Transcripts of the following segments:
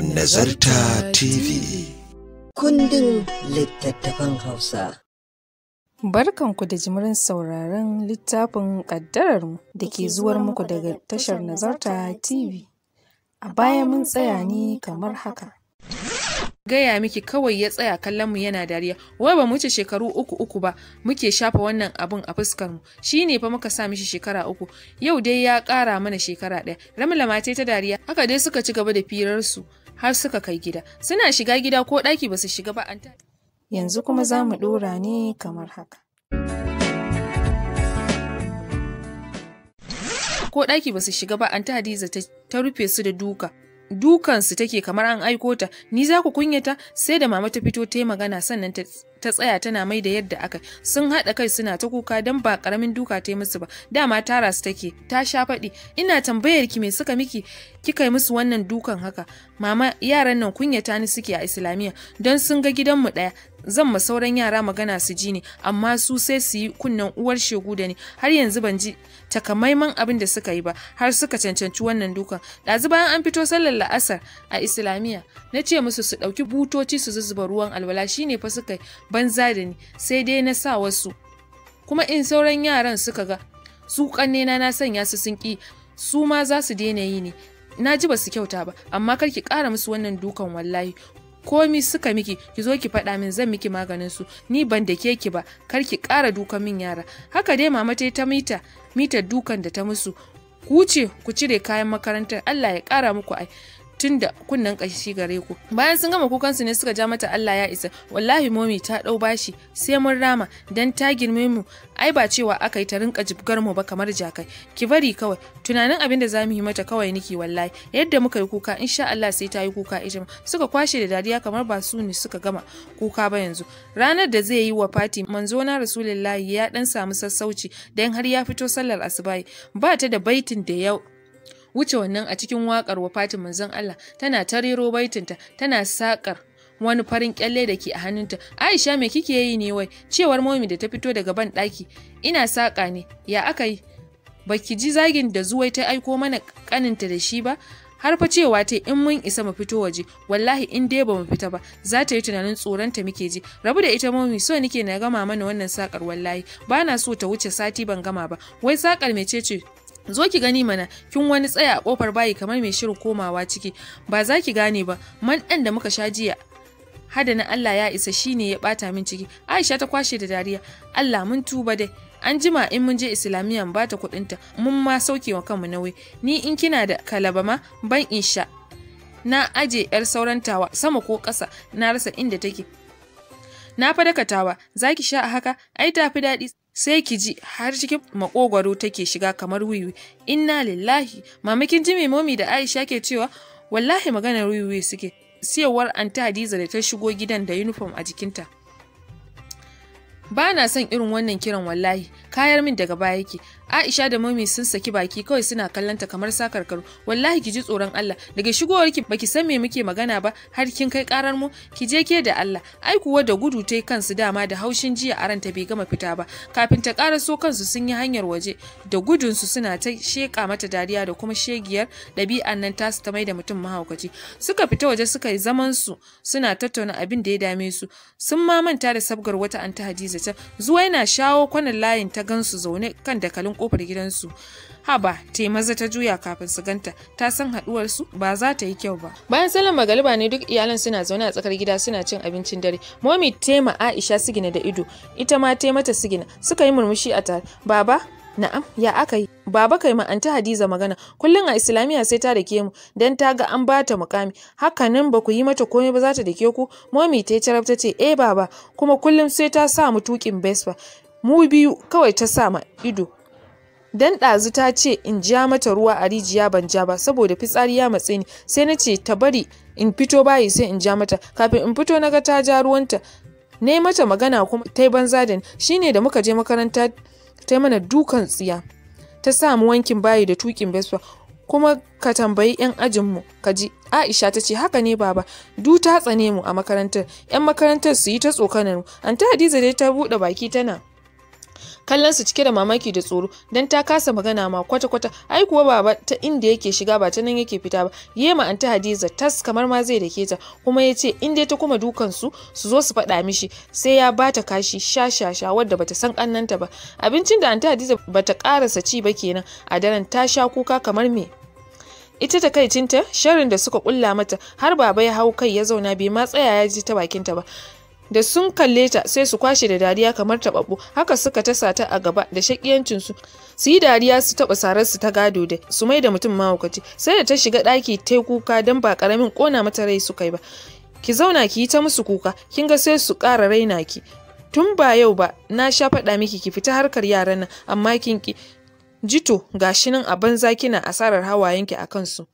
Nazarta TV. Kundin littattafan Hausa. Barkanku da jimirin sauraron littafin mu da ke zuwar muku daga tashar Nazarta TV. A baya mun tsaya ne kamar haka. Gaya miki kawai ya tsaya kallon mu yana dariya, wai ba mu shekaru uku uku ba muke shafa wannan abun a fuskarmu, shi ne fa muka sa mishi shekara uku, yau dai ya ƙara mana shekara ɗaya, ramla ta dariya, haka dai suka ci gaba da firar su. har suka kai gida suna shiga gida ko ɗaki ba su shiga ba an ta yanzu kuma za mu ɗora ne kamar haka ko ɗaki ba su shiga ba an ta hadiza ta rufe su da duka dukansu take kamar an aiko ta ni za ku kunyata sai da mama ta fito ta yi magana sannan ta ta tsaya tana mai da yadda aka sun haɗa kai suna ta kuka don ba ƙaramin duka ta yi musu ba dama tara su take ta sha faɗi ina tambayar ki me suka miki kika yi musu wannan dukan haka mama yaran nan kunyata ni suke a islamiyya don sun ga gidanmu ɗaya zan ma sauran yara magana su ji ne amma su sai su yi kunnen uwar shegu da ni har yanzu ban ji takamaiman abin da suka yi ba har suka cancanci wannan dukan ɗazu bayan an fito sallar la'asar a islamiyya na ce musu su ɗauki butoci su zuzuba ruwan alwala shine fa suka banza da ni sai dai na sa wasu kuma in sauran yaran suka ga su kannena na sanya su sun ki su ma za su daina yi ne na ji ba su kyauta ba amma kar ki ƙara musu wannan dukan wallahi komi suka miki ki zo ki faɗa min zan miki maganin su ni ban da ki ba kar ki ƙara dukan min yara haka dai mama ta ta mita mita dukan da ta musu ku ce ku cire kayan makarantar Allah ya ƙara muku ai tun da kunnen kashi gare ku bayan sun gama kukan su ne suka ja mata Allah ya isa wallahi momi ta ɗau bashi sai mun rama dan ta girme mu ai ba cewa aka yi ta rinka jibgar mu ba kamar jakai ki bari kawai tunanin abin da zamu yi mata kawai niki wallahi yadda muka yi kuka insha Allah sai ta yi kuka ita suka kwashe da dariya kamar ba su ne suka gama kuka ba yanzu ranar da zai yi wa fati manzo na rasulullahi ya dan samu sassauci dan har ya fito sallar asubahi ba ta da baitin da yau wuce wannan a cikin waƙar wafatin manzon Allah tana tariro baitinta tana saƙar wani farin kyalle da ke a hannunta aisha me kike yi ne wai cewar momi da ta fito daga ban daki ina saka ne ya aka yi baki ji zagin da zuwai ta aiko mana kaninta da shi ba har fa cewa ta in mun isa mu fito waje wallahi in dai ba mu fita ba za ta yi tunanin tsoron ta muke ji rabu da ita momi so nike na gama mana wannan sakar wallahi bana so ta wuce sati ban gama ba wai sakar mecece zo ki gani mana kin wani tsaya a kofar bayi kamar mai shirin komawa ciki ba za ki gane ba man ɗan da muka sha jiya hada na Allah ya isa shine ya bata min ciki Aisha ta kwashe da dariya Allah mun tuba dai an jima in mun je islamiyan ba ta kuɗinta mun ma sauke wa kanmu nawe ni in kina da kalaba ma ban insha na aje yar saurantawa sama ko ƙasa na rasa inda take na fa dakatawa za sha a haka ai tafi daɗi sai ki ji har cikin makogwaro take shiga kamar wiwi inna lillahi mamakin ji momi da aisha ke cewa wallahi maganar wiwi suke siyawar anta hadiza da ta shigo gidan da uniform a jikinta ba na son irin wannan kiran wallahi kayar min daga baya yake Aisha da Mumi sun saki baki kawai suna kallanta kamar sakarkaru wallahi ki ji tsoron Allah daga shigowar ki baki san me muke magana ba har kin kai karar mu ki je ke da Allah ai kuwa da gudu ta yi kansu dama da haushin jiya a ranta bai gama fita ba kafin ta karaso kansu sun yi hanyar waje da gudun su suna ta sheka mata dariya da kuma shegiyar ɗabi'an nan tasu ta mai da mutum mahaukaci suka fita waje suka yi zaman su suna tattauna abin da ya dame su sun ma manta da sabgar wata anta Hadiza ta zuwa yana shawo kwanan layin ta ta gansu zaune kan dakalin kofar gidansu haba ta maza ta juya kafin su ganta ta san haduwar su ba za ta yi kyau ba bayan salon magaliba ne duk iyalan suna zaune a tsakar gida suna cin abincin dare momi tema aisha sigina da ido ita ma ta mata sigina suka yi murmushi a tare baba Na'am, ya aka yi? Baba kai ma anta Hadiza magana, kullum a Islamiyya sai ta dake mu, dan ta ga an bata mukami. Hakanan ba ku yi mata komai ba za ta dake ku? Momi ta yi ta ce, "Eh baba, kuma kullum sai ta sa mu tukin besfa mu biyu kawai ta sa ma ido dan ɗazu ta ce in ja mata ruwa a rijiya ban ja ba saboda fitsari ya matse ni sai na ce ta bari in fito bayi sai in ja mata kafin in fito naga ta ja ruwanta ne mata magana kuma ta yi banza da ni shine da muka je makaranta ta mana dukan tsiya ta samu wankin bayi da tukin beswa kuma ka tambayi 'yan ajinmu ka ji aisha ta ce haka ne baba du ta tsane mu a makarantar 'yan makarantar su yi ta tsokanar mu an hadiza dai ta buɗe baki tana kallon su cike da mamaki da tsoro dan ta kasa magana ma kwata kwata ai kuwa baba ta inda yake shiga ba ta nan yake fita ba yema anta hadiza tas kamar ma zai dake ta kuma ya ce in dai ta kuma dukan su su zo su faɗa mishi sai ya bata kashi sha sha sha wadda bata san kannanta ba abincin da anta hadiza bata karasa ci ba kenan a daren ta sha kuka kamar me ita ta kaicinta sharrin da suka kulla mata har baba ya hau kai ya zauna bai ma tsaya ya ji ta bakinta ba da sun kalle ta sai su kwashe da dariya kamar taɓaɓɓu haka suka tasata sata a gaba da shakiyancinsu su yi dariya su taɓa sarar su ta gado da su mai da mutum mahaukaci sai da ta shiga ɗaki ta kuka don ba ƙaramin ƙona mata rai su kai ba ki zauna ki yi ta musu kuka kin ga sai su ƙara raina ki tun ba yau ba na sha faɗa miki ki fita harkar yaran nan amma kin ki jito gashi nan a banza kina asarar hawayenki a kansu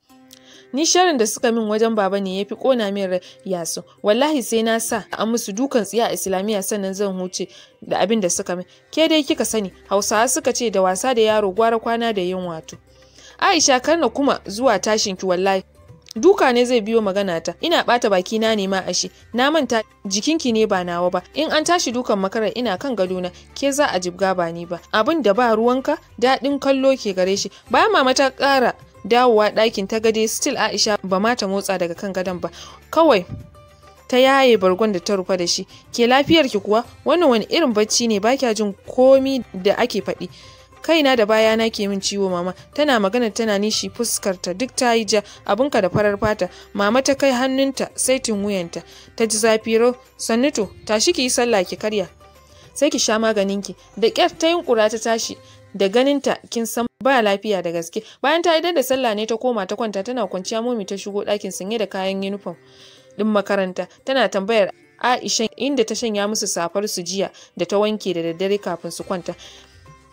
ni sharin da suka min wajen baba ne ya fi kona min rai yasu wallahi sai na sa a musu dukan tsiya a islamiyya sannan zan huce da abin da suka min ke dai kika sani hausawa suka ce da wasa da yaro gwara kwana da yin wato aisha karna kuma zuwa tashin ki wallahi duka ne zai biyo magana ta ina bata baki na nema ashe. na manta jikinki ne ba nawa ba in an tashi dukan makarar ina kan gadona ke za a jibga ba ni ba abin da ba ruwanka daɗin kallo ke gare shi bayan mama ta ƙara dawowa ɗakin ta gade still aisha ba ma ta motsa daga kan gadon ba kawai ta yaye bargon da ta rufe da shi ke lafiyar ki kuwa wannan wani irin bacci ne ba kya jin komi da ake faɗi kaina da bayana ke min ciwo mama tana magana tana nishi fuskarta duk ta yi ja abinka da farar fata mama ta kai hannunta saitin wuyanta ta ji zafi rau sannuto tashi ki yi sallah ki karya sai ki sha maganin ki da ƙyar ta kura ta tashi da ganinta kin san ba lafiya da gaske bayan ta idar da sallah ne ta koma ta kwanta tana kwanciya momi ta shigo ɗakin sanye da kayan yunifom ɗin makaranta tana tambayar Aisha inda ta shanya musu safar su jiya da ta wanke da daddare kafin su kwanta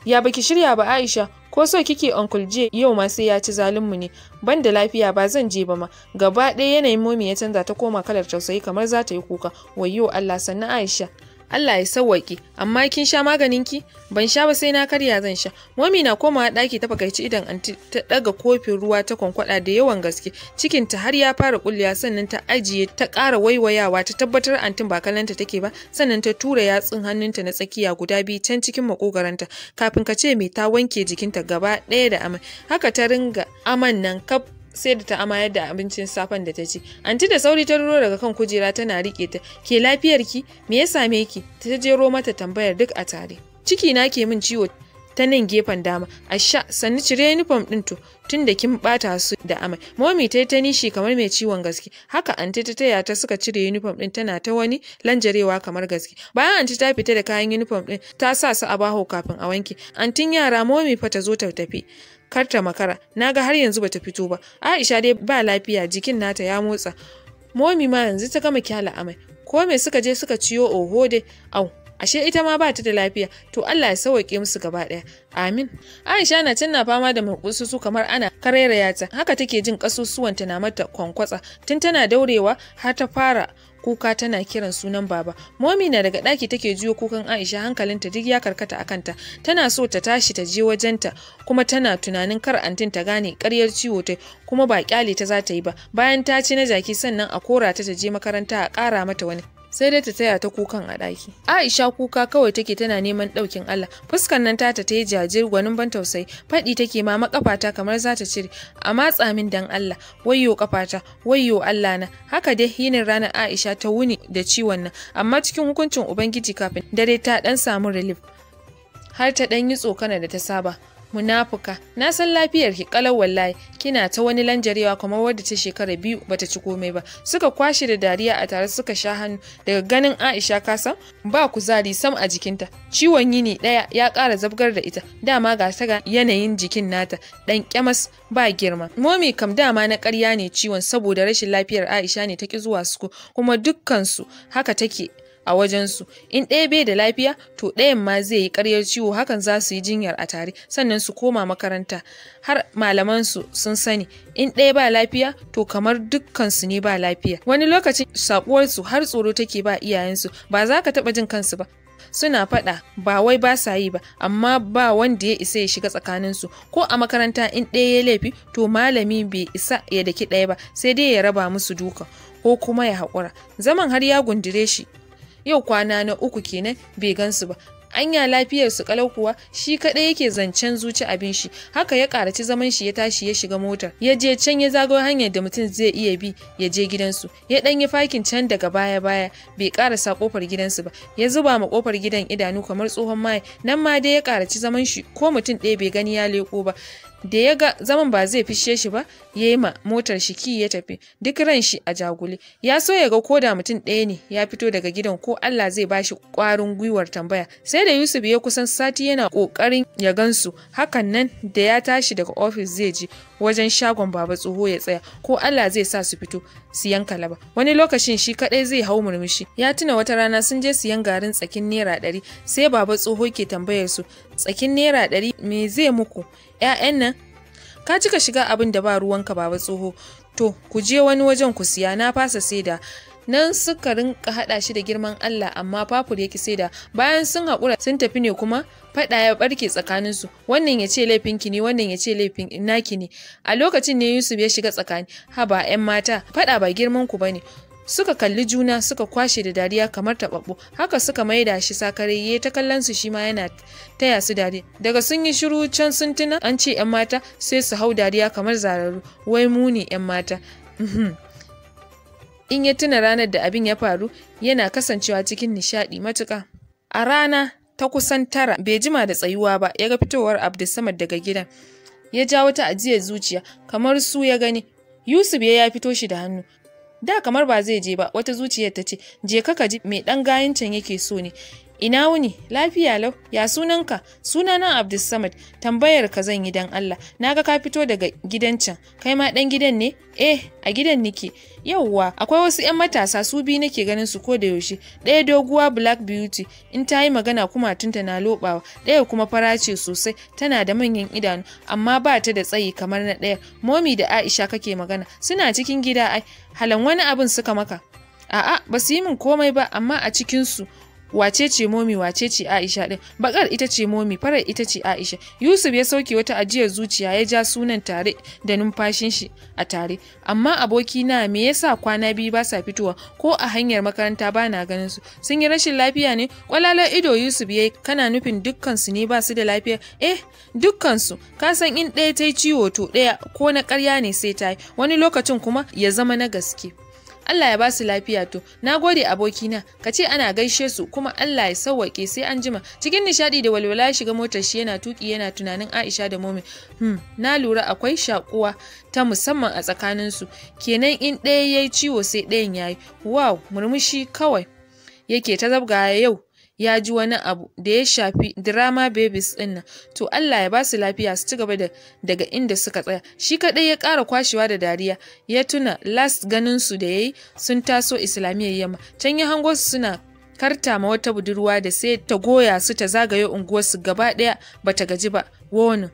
ya baki shirya ba Aisha ko so kike uncle je yau ma sai ya ci zalunmu ne ban da lafiya ba zan je ba ma gaba ɗaya yanayin momi ya canza ta koma kalar tausayi kamar za ta yi kuka wayo Allah sannan Aisha Allah ya sawwaƙe amma kin sha maganin ki ban sha ba sai na karya zan sha mami na komawa ɗaki ta fakaici idan anti ta ɗaga kofin ruwa ta kwankwada da yawan gaske cikin ta har ya fara kulliya sannan ta ajiye ta ƙara waiwayawa ta tabbatar antin ba kalanta take ba sannan ta tura yatsun hannunta na tsakiya guda biyu can cikin makogaranta kafin ka ce me ta wanke jikinta gaba ɗaya da amai haka ta ringa aman nan kaf sai da ta amayar da abincin safen da ta ci anti da sauri ta ruro daga kan kujera tana rike ta ke lafiyar ki me ya same ki ta jero mata tambayar duk a tare ciki na ke min ciwo ta nan gefen dama a sha sannu cire uniform din to tun da kin bata su da amai momi ta ta nishi kamar mai ciwon gaske haka anti ta taya ta suka cire uniform din tana ta wani lanjarewa kamar gaske bayan anti ta fita da kayan uniform din ta sa su a baho kafin a wanke antin yara momi fa ta zo ta tafi karta makara naga har yanzu bata fito ba aisha dai ba lafiya jikin nata ya motsa momi ma yanzu ta gama kyala amai ko me suka je suka ciyo oho dai au ashe ita ma ba ta da lafiya to Allah ya sauke musu gaba ɗaya amin Aisha na tunna fama da murƙususu kamar ana karairaya ta haka take jin ta na mata kwankwatsa tun tana daurewa har ta fara kuka tana kiran sunan baba momi daga ɗaki take jiyo kukan aisha hankalinta duk ya karkata akanta tana so ta tashi ta je wajenta kuma tana tunanin kar antin ta gane karyar ciwo ta kuma ba kyale ta za ta yi ba bayan ta ci na jaki sannan a kora ta ta je makaranta a ƙara mata wani sai dai ta taya ta kukan a ɗaki. Aisha kuka kawai take tana neman ɗaukin Allah, fuskar nan tata ta yi jajir gwanin ban tausayi, faɗi take ma makafata kamar za ta cire, a matsa min dan Allah, wayyo kafata, wayyo Allah na. Haka dai yinin ranar Aisha ta wuni da ciwon nan, amma cikin hukuncin Ubangiji kafin dare ta ɗan samu relief. Har ta ɗan yi tsokana da ta saba. munafuka na san lafiyar ki kalau wallahi kina ta wani lanjarewa kamar wadda ta shekara biyu bata ci komai ba suka kwashe da dariya a tare suka sha hannu daga ganin Aisha kasan ba kuzari sam a jikinta ciwon yini daya ya kara zabgar da ita dama ga ta ga yanayin jikin nata dan kyamas ba girma momi kam dama na karya ne ciwon saboda rashin lafiyar Aisha ne ta ki zuwa suku kuma dukkan su haka take a wajensu in ɗaya bai da lafiya to ɗayan ma zai yi karyar ciwo hakan za su yi jinyar a tare sannan su koma makaranta har malamansu sun sani in ɗaya ba lafiya to kamar dukkansu ne ba lafiya wani lokacin saƙuwarsu har tsoro take ba iyayensu ba za ka taɓa jin kansu ba suna faɗa ba wai ba sa yi ba amma ba wanda ya isa ya shiga tsakaninsu ko a makaranta in ɗaya ya laifi to malami bai isa ya daki ɗaya ba sai dai ya raba musu duka ko kuma ya haƙura zaman har ya gundire shi yau kwana na uku kenan bai gansu ba anya lafiyar su kalau kuwa shi kadai yake zancen zuci abin shi haka ya karaci zaman shi ya tashi ya shiga motar ya je can ya zago hanyar da mutum zai iya bi ya je gidansu ya dan yi fakin can daga baya baya bai karasa kofar gidansu ba ya zuba ma kofar gidan idanu kamar tsohon mai nan ma dai ya karaci zaman shi ko mutum ɗaya bai gani ya leko ba da ya ga zaman ba zai fishe shi ba ya yi ma motar shi ki ya tafi duk ran shi a jagule ya so ya ga koda mutum ɗaya ne ya fito daga gidan ko Allah zai ba shi ƙwarin gwiwar tambaya sai da Yusuf ya kusan sati yana ƙoƙarin ya gansu hakan nan da ya tashi daga ofis zai je. wajen shagon baba tsoho ya tsaya ko Allah zai sa su fito su yanka laba wani lokacin shi kadai zai hau murmushi ya tuna wata rana sun je siyan garin tsakin naira ɗari sai baba tsoho ke tambayar su tsakin naira ɗari me zai muku ƴaƴan nan ka cika shiga abin da ba ruwanka baba tsoho to ku je wani wajen ku siya na fasa saida nan suka rinka haɗa shi da girman Allah amma fafur ya kise da bayan sun haƙura sun tafi ne kuma faɗa ya barke tsakaninsu wannan ya ce laifinki ne wannan ya ce laifin naki ne a lokacin ne Yusuf ya shiga tsakani haba 'yan mata faɗa ba girman ku bane suka kalli juna suka kwashe da dariya kamar taɓaɓɓu haka suka maida shi sakare ya ta kallon su shi ma yana taya su dariya daga sun yi shiru can sun tuna an ce yan mata sai su hau dariya kamar zararu wai mu ne yan mata uhm. in ya tuna ranar da abin ya faru yana kasancewa cikin nishaɗi matuka. A rana ta kusan tara bai jima da tsayuwa ba ya ga fitowar Abdulsamad daga gidan. Ya ja wata ajiyar zuciya kamar su ya gani. Yusuf ya fito shi da hannu. Da kamar ba zai je ba wata zuciyar ta ce je ka ji mai ɗan gayancan can yake so ne. Ina wuni, lafiya lau, ya sunanka, sunana Abdulsamad, tambayar ka zan yi dan Allah, naga ka fito daga gidan can, kai ma dan gidan ne? Eh, a gidan nike. Yauwa, akwai wasu 'yan matasa su biyu nake ganin su ko da yaushe, ɗaya doguwa Black Beauty, in ta yi magana kuma tunta na lobawa, ɗaya kuma farace sosai, tana da manyan idanu, amma ba ta da tsayi kamar na ɗaya. Momi da Aisha kake magana, suna cikin gida ai, halan wani abin suka maka. A'a, ba su yi min komai ba, amma a cikin su wace ce momi wace ce aisha din bakar ita ce momi farar ita ce aisha yusuf ya sauke wata ajiyar zuciya ya ja sunan tare da numfashin shi a tare amma aboki na me yasa kwana biyu ba sa fitowa ko a hanyar makaranta ba na ganin su sun yi rashin lafiya ne kwalalar ido yusuf yayi kana nufin dukkan su ne ba su da lafiya eh dukkan su ka san in ɗaya ta yi ciwo to ɗaya ko na ƙarya ne sai ta yi wani lokacin kuma ya zama na gaske Allah ya ba su lafiya to na gode abokina ka ce ana gaishe su kuma Allah ya sauwaƙe sai an jima cikin nishadi da walwala ya shiga motar shi yana tuki yana tunanin Aisha da Mumin. hmm na lura akwai shakuwa ta musamman a tsakanin su kenan in ɗaya yayi ciwo sai ɗayan yayi wow murmushi kawai yake ta zabga yau ya ji wani abu da ya shafi drama babies din to Allah ya ba su lafiya su ci gaba da daga inda suka tsaya shi kadai ya kara kwashewa da dariya ya tuna last ganin su da yayi sun taso islamiyyar yamma can ya hango su suna karta ma wata budurwa da sai ta goya su ta zagaye su gaba ɗaya bata gaji ba wonin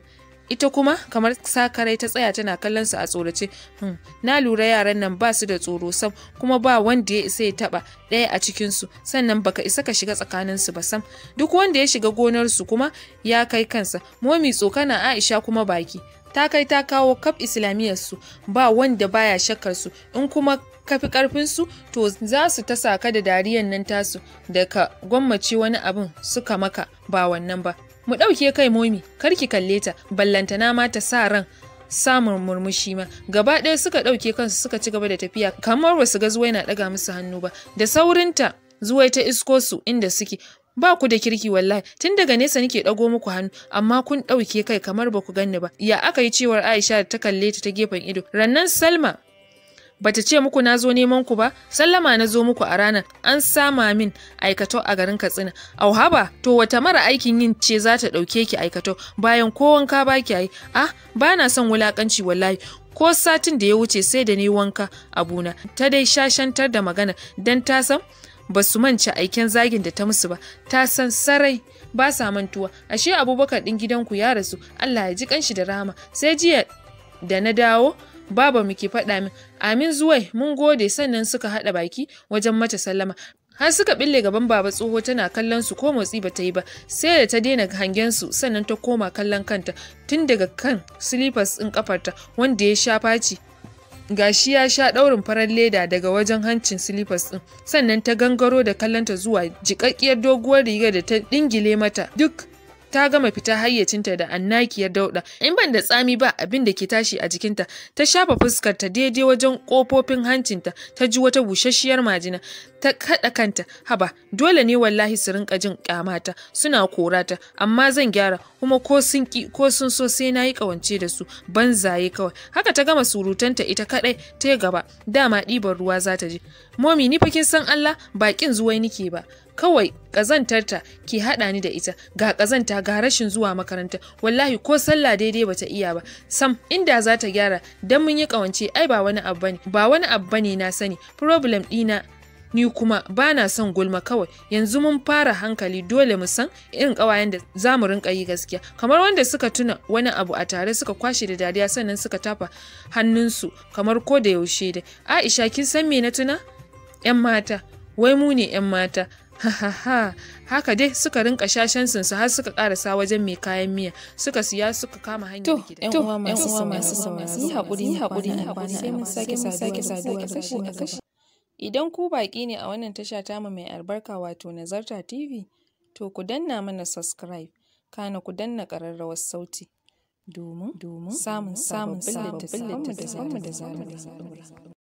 ita kuma kamar sakarai ta tsaya tana kallon su a tsorace hmm, na lura yaran nan ba su da tsoro sam kuma ba wanda ya isa ya taba ɗaya a cikin su sannan baka isa ka shiga tsakanin su ba sam duk wanda ya shiga gonar su kuma ya kai kansa momi tsokana Aisha kuma baki ta kai ta kawo kaf islamiyyar su ba wanda baya shakkar su in kuma kafi fi karfin su to za su ta saka da dariyan nan tasu da ka gwammace wani abin suka maka ba wannan ba mu ɗauke kai momi kar ki kalle ta ballantana ma ta sa ran samun murmushi ma gaba ɗaya suka ɗauke kansu suka ci gaba da tafiya kamar wasu ga zuwai na ɗaga musu hannu ba da saurinta zuwai ta isko su inda suke ba ku da kirki wallahi tun daga nesa nake ɗago muku hannu amma kun ɗauke kai kamar ba ku ganni ba ya aka yi cewar aisha ta kalle ta ta gefen ido rannan salma bata ce muku na zo neman ku ba sallama na zo muku a ranar an sama min aikato a garin katsina au haba to wata mara aikin yin ce za ta ɗauke ki aikato bayan ko wanka ba ki yi ah ba na son wulakanci wallahi ko satin da ya wuce sai da ni wanka abuna ta dai shashantar da magana dan ta san ba su manci aiken zagin da ta musu ba ta san sarai ba sa mantuwa ashe abubakar ɗin gidanku ya rasu allah ya ji kanshi da rama sai jiya da na dawo baba ke faɗa min amin zuwai mun gode sannan suka haɗa baki wajen mata sallama har suka ɓille gaban baba tsoho tana kallon su ko motsi ba ta yi ba sai da ta daina hangen su sannan ta koma kallon kanta tun daga kan silifas ɗin kafarta wanda ya sha faci gashi ya sha ɗaurin farar leda daga wajen hancin silifas ɗin sannan ta gangaro da kallonta zuwa jiƙaƙƙiyar doguwar rigar da ta ɗingile mata duk ta gama fita hayyacinta da annakiyar dauda in ban da tsami ba abin da ke tashi a jikinta ta shafa fuskar ta daidai wajen kofofin hancinta ta ji wata busasshiyar majina ta kada kanta haba dole ne wallahi su rinka jin kyamata suna korata amma zan gyara kuma ko sun ki ko sun so sai na yi kawance da su ban zaye kawai haka ta gama surutanta ita kadai ta gaba dama ɗiban ruwa za ta je momi ni fa kin san Allah bakin zuwai nike ba kawai ta ki hada ni da ita ga kazanta ga rashin zuwa makaranta wallahi ko sallah daidai bata iya ba sam inda za ta gyara dan mun yi ƙawance ai ba wani abu bane ba wani abu bane na sani problem dina ni kuma ba na son gulma kawai yanzu mun fara hankali dole mu san irin ƙawayen da za mu rinka yi gaskiya kamar wanda suka tuna wani abu a tare suka kwashe da dariya sannan suka tafa hannunsu kamar ko da yaushe da aisha kin san me na tuna yan mata wai mu ne yan mata ha haka dai suka rinka shashansin su har suka karasa wajen mai kayan miya suka siya suka kama hanyar gida to uwa masu sauraro yi hakuri yi hakuri sai mun sake sake saduwa kashi a kashi idan ku baki ne a wannan tasha tamu mai albarka wato nazarta tv to ku danna mana subscribe kana ku danna kararrawar sauti domin samun samun sababbin littattafan da zamu